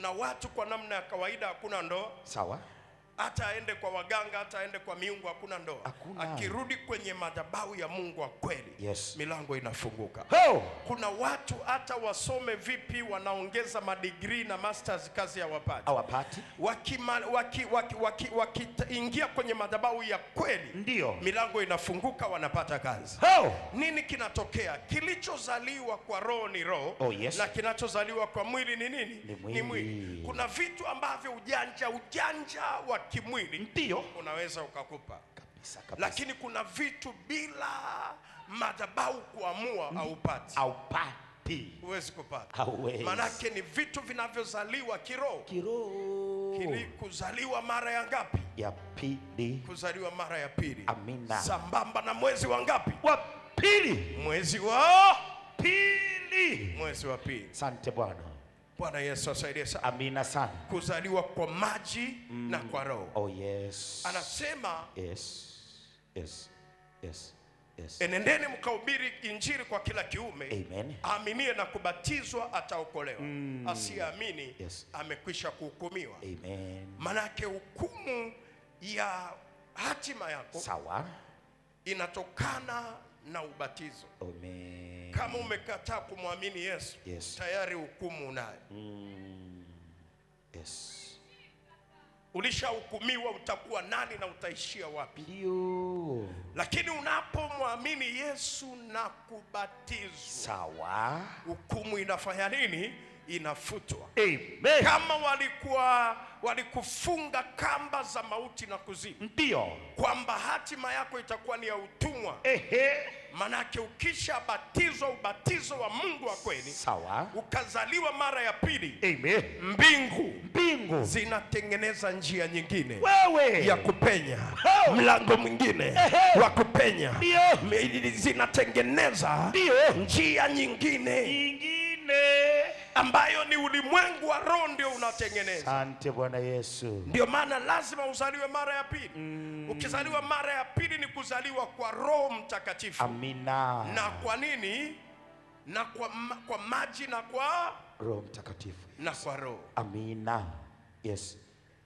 na watu kwa namna ya kawaida hakuna ndoa. Sawa hata aende kwa waganga, hata aende kwa miungu, hakuna ndoa. Hakuna. Akirudi kwenye madhabahu ya Mungu wa kweli, yes, milango inafunguka. Oh. Kuna watu hata wasome vipi, wanaongeza madigrii na masters, kazi wapati hawapati. Wakiingia waki, waki, waki, waki, kwenye madhabahu ya kweli, ndio milango inafunguka, wanapata kazi. Oh. Nini kinatokea? Kilichozaliwa kwa roho ni roho. Oh, yes. Na kinachozaliwa kwa mwili ni nini? Ni mwili. Kuna vitu ambavyo ujanja ujanja wa kimwili ndio unaweza ukakupa kabisa, kabisa. Lakini kuna vitu bila madhabahu kuamua mm. haupati, haupati, huwezi kupata, maanake ni vitu vinavyozaliwa kiroho, kiroho kili kuzaliwa mara ya ngapi? Ya pili, kuzaliwa mara ya pili. Amina, sambamba na mwezi wa ngapi? Wa pili, mwezi wa pili, mwezi wa pili. Asante Bwana. Bwana Yesu asaidie sana. Amina sana. Kuzaliwa kwa maji mm. na kwa roho. Oh yes. Anasema yes. Yes. Yes. Yes. Enendeni mkahubiri injili kwa kila kiume. Amen. Aaminie na kubatizwa ataokolewa. Mm. Asiyeamini yes. amekwisha kuhukumiwa. Amen. Manake hukumu ya hatima yako sawa inatokana na ubatizo. Amen. Kama umekataa kumwamini Yesu, yes. Tayari hukumu unayo. Mm. Yes. Ulishahukumiwa utakuwa nani na utaishia wapi? Ndio. Lakini unapomwamini Yesu na kubatizwa, sawa, hukumu inafanya nini? inafutwa. Amen. Kama walikuwa walikufunga kamba za mauti na kuzimu, ndio kwamba hatima yako itakuwa ni ya utumwa. Ehe, manake ukisha ubatizo wa Mungu wa kweli, sawa, ukazaliwa mara ya pili, amen, mbingu mbingu zinatengeneza njia nyingine wewe ya kupenya How? mlango mwingine wa kupenya, zinatengeneza njia nyingine, nyingine ambayo ni ulimwengu wa roho ndio unatengeneza. Asante Bwana Yesu. Ndio maana lazima uzaliwe mara ya pili mm. Ukizaliwa mara ya pili ni kuzaliwa kwa Roho Mtakatifu. Amina. Na kwa nini? Na kwa, kwa maji na kwa Roho Mtakatifu Na kwa Roho. Amina. Yes.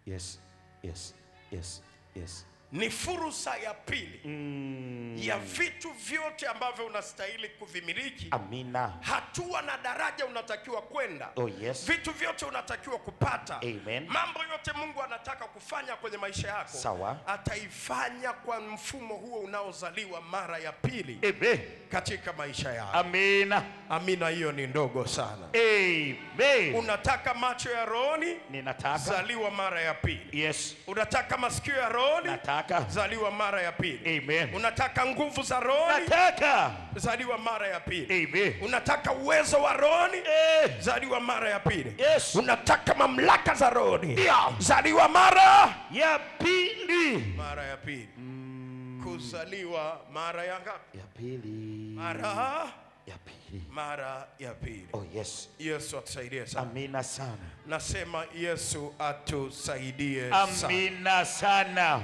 Yes. Yes. Yes. Yes ni fursa ya pili mm. ya vitu vyote ambavyo unastahili kuvimiliki. Amina. Hatua na daraja unatakiwa kwenda. Oh, yes. Vitu vyote unatakiwa kupata. Amen. Mambo yote Mungu anataka kufanya kwenye maisha yako. Sawa. Ataifanya kwa mfumo huo unaozaliwa mara ya pili. Amen. Katika maisha yako. Amina. Amina, hiyo ni ndogo sana. Amen. Unataka macho ya rohoni? Ninataka. Zaliwa mara ya pili. Yes. Unataka masikio ya rohoni? Nataka nataka zaliwa mara ya pili. Amen. Unataka nguvu za roho? Nataka zaliwa mara ya pili. Amen. Unataka uwezo wa roho? Eh. Zaliwa mara ya pili. Yes. Unataka mamlaka za roho? Yeah. Zaliwa mara ya pili. Mara ya pili. Mm. Kuzaliwa mara ya ngapi? Ya pili. Mara ya pili. Mara ya pili. Oh, yes. Yesu atusaidie sana. Amina sana. Nasema Yesu atusaidie sana. Amina sana.